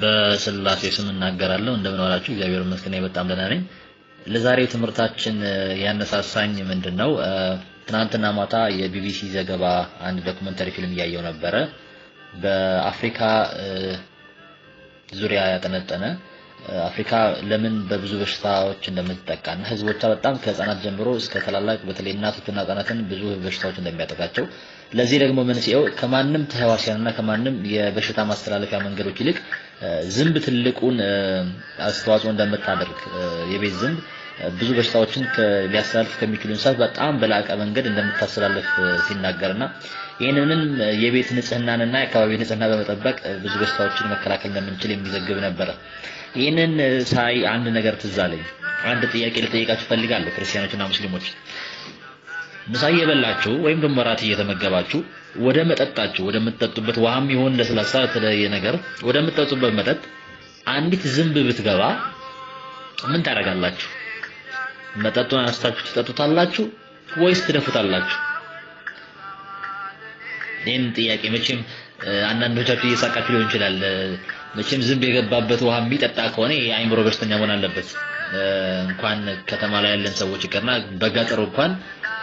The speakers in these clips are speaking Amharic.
በስላሴ ስም እናገራለሁ። እንደምን ዋላችሁ? እግዚአብሔር ይመስገን በጣም ደህና ነኝ። ለዛሬ ትምህርታችን ያነሳሳኝ ምንድን ነው? ትናንትና ማታ የቢቢሲ ዘገባ አንድ ዶክመንተሪ ፊልም እያየው ነበረ። በአፍሪካ ዙሪያ ያጠነጠነ አፍሪካ ለምን በብዙ በሽታዎች እንደምትጠቃና ህዝቦቿ በጣም ከህፃናት ጀምሮ እስከ ታላላቅ በተለይ እናቶችና ህፃናትን ብዙ በሽታዎች እንደሚያጠቃቸው ለዚህ ደግሞ መንስኤው ከማንም ተህዋሲያንና ከማንም የበሽታ ማስተላለፊያ መንገዶች ይልቅ ዝንብ ትልቁን አስተዋጽኦ እንደምታደርግ የቤት ዝንብ ብዙ በሽታዎችን ሊያስተላልፍ ከሚችሉ እንስሳት በጣም በላቀ መንገድ እንደምታስተላልፍ ሲናገርና ይህንንም የቤት ንጽህናንና የአካባቢ ንጽህና በመጠበቅ ብዙ በሽታዎችን መከላከል እንደምንችል የሚዘግብ ነበረ። ይህንን ሳይ አንድ ነገር ትዝ አለኝ። አንድ ጥያቄ ልጠይቃችሁ ፈልጋለሁ ክርስቲያኖችና ሙስሊሞች ምሳ እየበላችሁ ወይም ደግሞ ራት እየተመገባችሁ ወደ መጠጣችሁ ወደምትጠጡበት ውሃም ይሆን ለስላሳ የተለየ ነገር ወደምትጠጡበት መጠጥ አንዲት ዝንብ ብትገባ ምን ታደርጋላችሁ? መጠጡን አነሳችሁ ትጠጡታላችሁ ወይስ ትደፉታላችሁ? ይህን ጥያቄ መቼም አንዳንዶቻችሁ እየሳቃችሁ ሊሆን ይችላል። መቼም ዝንብ የገባበት ውሃ የሚጠጣ ከሆነ የአይምሮ በሽተኛ መሆን አለበት። እንኳን ከተማ ላይ ያለን ሰዎች ይቀርና በገጠሩ እንኳን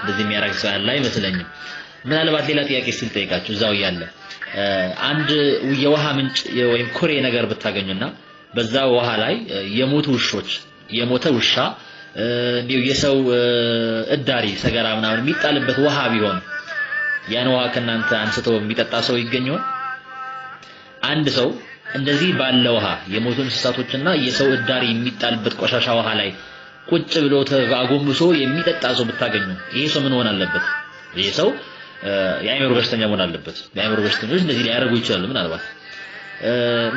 እንደዚህ የሚያደርግ ሰው ያለ አይመስለኝም። ምናልባት ሌላ ጥያቄ ስል ጠይቃችሁ እዛው እያለ አንድ የውሃ ምንጭ ወይም ኩሬ ነገር ብታገኙና በዛ ውሃ ላይ የሞቱ ውሾች የሞተ ውሻ እንዲሁ የሰው እዳሪ ሰገራ ምናምን የሚጣልበት ውሃ ቢሆን ያን ውሃ ከእናንተ አንስቶ የሚጠጣ ሰው ይገኝ አንድ ሰው እንደዚህ ባለ ውሃ የሞቱ እንስሳቶችና የሰው እዳሪ የሚጣልበት ቆሻሻ ውሃ ላይ ቁጭ ብሎ አጎንብሶ የሚጠጣ ሰው ብታገኙ ይሄ ሰው ምን መሆን አለበት? ይሄ ሰው የአእምሮ በሽተኛ መሆን አለበት። የአእምሮ በሽተኞች እንደዚህ ሊያደርጉ ይችላሉ። ምናልባት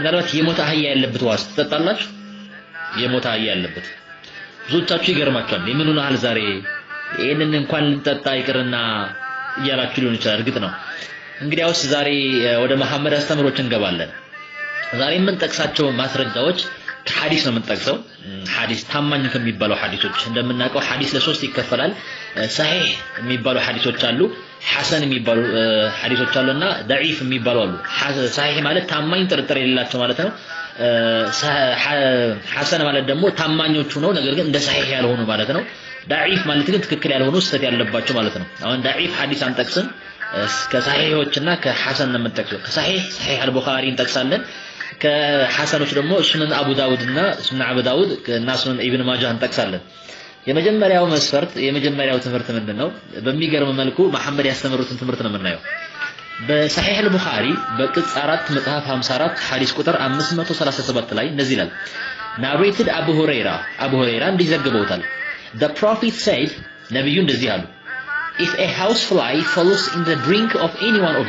ምናልባት የሞተ አህያ ያለበት ውሃ ትጠጣላችሁ? የሞተ አህያ ያለበት ብዙዎቻችሁ ይገርማችኋል። የምን ሆነሃል ዛሬ ይህንን እንኳን ልንጠጣ ይቅርና እያላችሁ ሊሆን ይችላል። እርግጥ ነው እንግዲህ አውስ ዛሬ ወደ መሐመድ አስተምሮች እንገባለን። ዛሬ የምንጠቅሳቸው ማስረጃዎች ሐዲስ ነው የምንጠቅሰው። ሐዲስ ታማኝ ከሚባለው ሐዲሶች እንደምናውቀው ሐዲስ ለሶስት ይከፈላል። ሰሂህ የሚባሉ ሐዲሶች አሉ፣ ሐሰን የሚባሉ ሐዲሶች አሉ እና ደዒፍ የሚባሉ አሉ። ሰሂህ ማለት ታማኝ ጥርጥር የሌላቸው ማለት ነው። ሐሰን ማለት ደግሞ ታማኞቹ ነው፣ ነገር ግን እንደ ሰሂህ ያልሆኑ ማለት ነው። ዳዒፍ ማለት ግን ትክክል ያልሆኑ ስህተት ያለባቸው ማለት ነው። አሁን ዳዒፍ ሐዲስ አንጠቅስም። ከሳሒሖችና ከሐሰን ነው የምንጠቅሰው። ከሳሒሕ ሰሒሕ አልቡኻሪ እንጠቅሳለን። ከሐሰኖች ደግሞ ሱነን አቡ ዳውድና ሱነን አቡ ዳውድ እና ሱነን ኢብን ማጃህ እንጠቅሳለን። የመጀመሪያው መስፈርት የመጀመሪያው ትምህርት ምንድን ነው? በሚገርም መልኩ መሐመድ ያስተምሩትን ትምህርት ነው የምናየው። በሰሒህ አልቡኻሪ በቅጽ 4 መጽሐፍ 54 ሐዲስ ቁጥር 537 ላይ እንደዚህ ይላል ናሬትድ አቡ ሁረይራ አቡ ሁረይራ እንዲህ ዘግበውታል። The Prophet said ነብዩ እንደዚህ አሉ if a house fly falls in the drink of any one of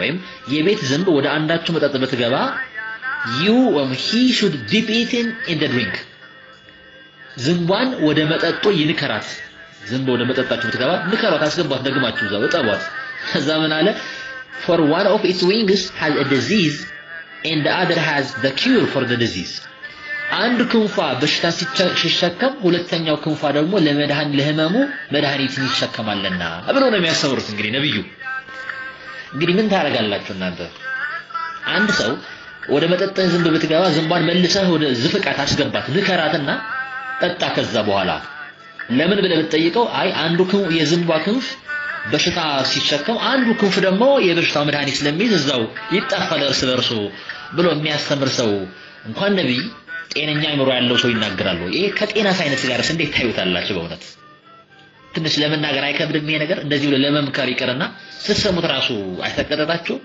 ወይም የቤት ዝንብ ወደ አንዳችሁ መጠጥ ብትገባ you or he should dip it in the drink ዝንቧን ወደ መጠጦ ይንከራት። ዝንቧ ወደ መጠጣችሁ ብትገባ ንከሯት፣ አስገቧት፣ ደግማችሁ እዛ እጠቧት። ከዛ ምን አለ for one of its wings has a disease and the other has the cure for the disease አንድ ክንፏ በሽታ ሲሸከም ሁለተኛው ክንፏ ደግሞ ለመድሃን ለህመሙ መድኃኒትን ይሸከማልና ብሎ ነው የሚያስተምሩት። እንግዲህ ነብዩ እንግዲህ ምን ታደርጋላችሁ እናንተ አንድ ሰው ወደ መጠጥህ ዝንብ ብትገባ ዝንቧን መልሰህ ወደ ዝፍቃት አስገባት፣ ምከራትና ጠጣ። ከዛ በኋላ ለምን ብለህ ብትጠይቀው አይ አንዱ ክንፍ የዝንቧ ክንፍ በሽታ ሲሸከም አንዱ ክንፍ ደግሞ የበሽታው መድኃኒት ስለሚይዝ እዛው ይጣፋል እርስ በርሱ ብሎ የሚያስተምር ሰው እንኳን ነቢይ ጤነኛ አይምሮ ያለው ሰው ይናገራሉ። ይሄ ከጤና ሳይንስ ጋርስ እንዴት ታዩታላችሁ? በእውነት ትንሽ ለመናገር አይከብድም ይሄ ነገር። እንደዚህ ብሎ ለመምከር ይቅርና ስትሰሙት ራሱ አይሰቀጠጣችሁም?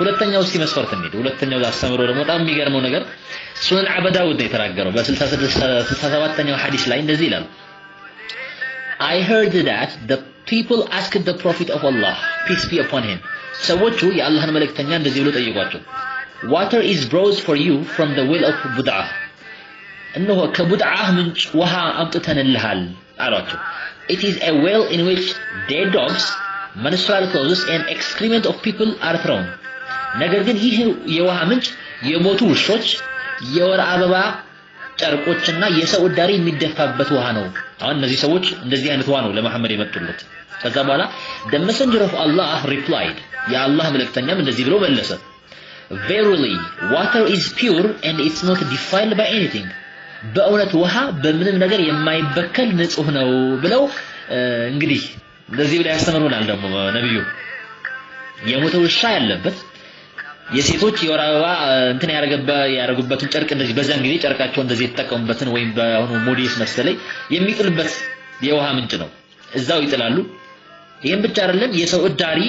ሁለተኛው እስኪ መስፈርት እንሂድ። ሁለተኛው አስተምሮ ደግሞ በጣም የሚገርመው ነገር ሱነን አበዳውድ ነው የተናገረው በ67ኛው ሐዲስ ላይ እንደዚህ ይላል I heard that the people asked the prophet of Allah peace be upon him ሰዎቹ የአላህን መልእክተኛ እንደዚህ ብሎ ጠይቋቸው water is brought for you from the well of Bud'ah እነሆ ከቡድዓህ ምንጭ ውሃ አምጥተንልሃል አሏቸው it is a well in which dead dogs menstrual clothes and excrement of people are thrown ነገር ግን ይህ የውሃ ምንጭ የሞቱ ውሾች፣ የወር አበባ ጨርቆችና የሰው እዳሪ የሚደፋበት ውሃ ነው። አሁን እነዚህ ሰዎች እንደዚህ አይነት ውሃ ነው ለመሐመድ የመጡለት። ከዛ በኋላ the messenger of Allah replied የአላህ መልእክተኛም እንደዚህ ብሎ መለሰ verily water is pure and it's not defiled by anything በእውነት ውሃ በምንም ነገር የማይበከል ንጹህ ነው ብለው እንግዲህ እንደዚህ ብለው ያስተምሩናል ደግሞ ነብዩ የሞተ ውሻ ያለበት የሴቶች የወር አበባ እንትን ያደረጉበትን ጨርቅ እንደዚህ በዛን ጊዜ ጨርቃቸው እንደዚህ የተጠቀሙበትን ወይም በአሁኑ ሞዴስ መሰለኝ የሚጥልበት የውሃ ምንጭ ነው። እዛው ይጥላሉ። ይህም ብቻ አይደለም፣ የሰው እዳሪ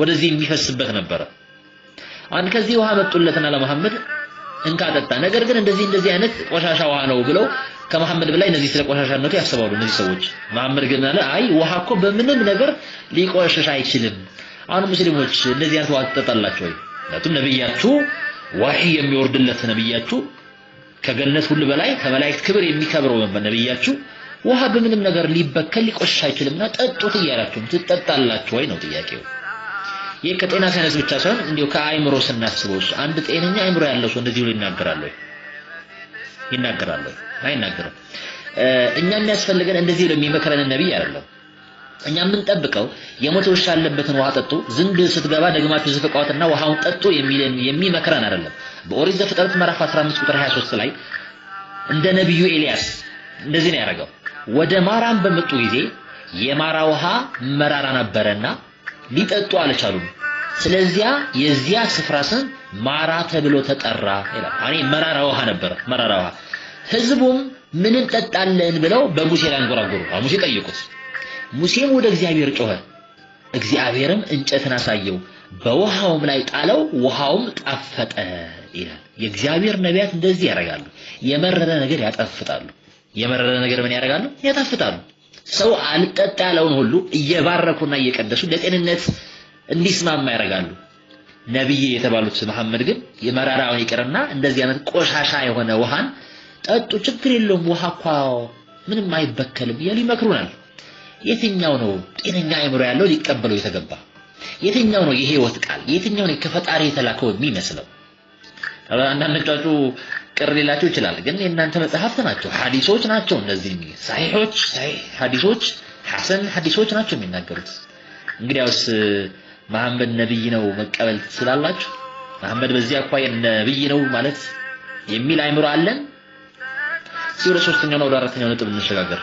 ወደዚህ የሚፈስበት ነበረ። አንድ ከዚህ ውሃ መጡለትና ለመሐመድ እንካ ጠጣ። ነገር ግን እንደዚህ እንደዚህ አይነት ቆሻሻ ውሃ ነው ብለው ከመሐመድ በላይ እነዚህ ስለ ቆሻሻነቱ ያስባሉ እነዚህ ሰዎች። መሐመድ ግን አለ አይ ውሃ እኮ በምንም ነገር ሊቆሸሽ አይችልም። አሁን ሙስሊሞች እንደዚህ አይነት ውሃ ትጠጣላችሁ ወይ? ምክንያቱም ነብያችሁ ዋሂ የሚወርድለት ነብያችሁ ከገነት ሁሉ በላይ ከመላእክት ክብር የሚከብረው ነብያችሁ ውሃ በምንም ነገር ሊበከል ሊቆሽ አይችልምና ጠጡት እያላችሁም ትጠጣላችሁ ወይ ነው ጥያቄው። ይህ ከጤና ሳይንስ ብቻ ሳይሆን እንዲሁ ከአእምሮ ስናስበው አንድ ጤነኛ አእምሮ ያለው ሰው እንደዚህ ብሎ ይናገራል ይናገራል አይናገርም። እኛ የሚያስፈልገን እንደዚህ ለሚመክረን ነብይ አይደለም። እኛ የምንጠብቀው የሞተ ውሻ ያለበትን ውሃ ጠጡ፣ ዝንብ ብል ስትገባ ደግማችሁ ዝፍቋትና ውሃውን ጠጡ የሚመክረን አይደለም። በኦሪት ዘፍጥረት ምዕራፍ 15 ቁጥር 23 ላይ እንደ ነቢዩ ኤልያስ እንደዚህ ነው ያደረገው። ወደ ማራም በመጡ ጊዜ የማራ ውሃ መራራ ነበረና ሊጠጡ አልቻሉም። ስለዚያ የዚያ ስፍራ ስም ማራ ተብሎ ተጠራ ይላል። እኔ መራራ ውሃ ነበረ፣ መራራ ውሃ። ህዝቡም ምንን ጠጣለን ብለው በሙሴ ላይ አንጎራጎሩ። ሙሴ ጠይቁት ሙሴም ወደ እግዚአብሔር ጮኸ፣ እግዚአብሔርም እንጨትን አሳየው፣ በውሃውም ላይ ጣለው፣ ውሃውም ጣፈጠ ይላል። የእግዚአብሔር ነቢያት እንደዚህ ያደርጋሉ። የመረረ ነገር ያጣፍጣሉ። የመረረ ነገር ምን ያደርጋሉ? ያጣፍጣሉ። ሰው አልጠጣ ያለውን ሁሉ እየባረኩና እየቀደሱ ለጤንነት እንዲስማማ ያደርጋሉ። ነብይ የተባሉት መሐመድ ግን የመራራውን ይቅርና እንደዚህ አይነት ቆሻሻ የሆነ ውሃን ጠጡ፣ ችግር የለውም ውሃ እኮ ምንም አይበከልም እያሉ ይመክሩናል። የትኛው ነው ጤነኛ አእምሮ ያለው ሊቀበለው የተገባ? የትኛው ነው የህይወት ቃል? የትኛው ነው ከፈጣሪ የተላከው የሚመስለው? አንዳንዶቻችሁ ቅር ሊላችሁ ይችላል። ግን የእናንተ መጽሐፍት ናቸው፣ ሐዲሶች ናቸው። እነዚህ ሳሒሖች ሐዲሶች ሐሰን ሐዲሶች ናቸው የሚናገሩት። እንግዲያውስ መሐመድ ነብይ ነው መቀበል ትችላላችሁ? መሐመድ በዚህ አኳያ ነብይ ነው ማለት የሚል አይምሮ አለን? ወደ ነው ወደ አራተኛው ነጥብ እንሸጋገር።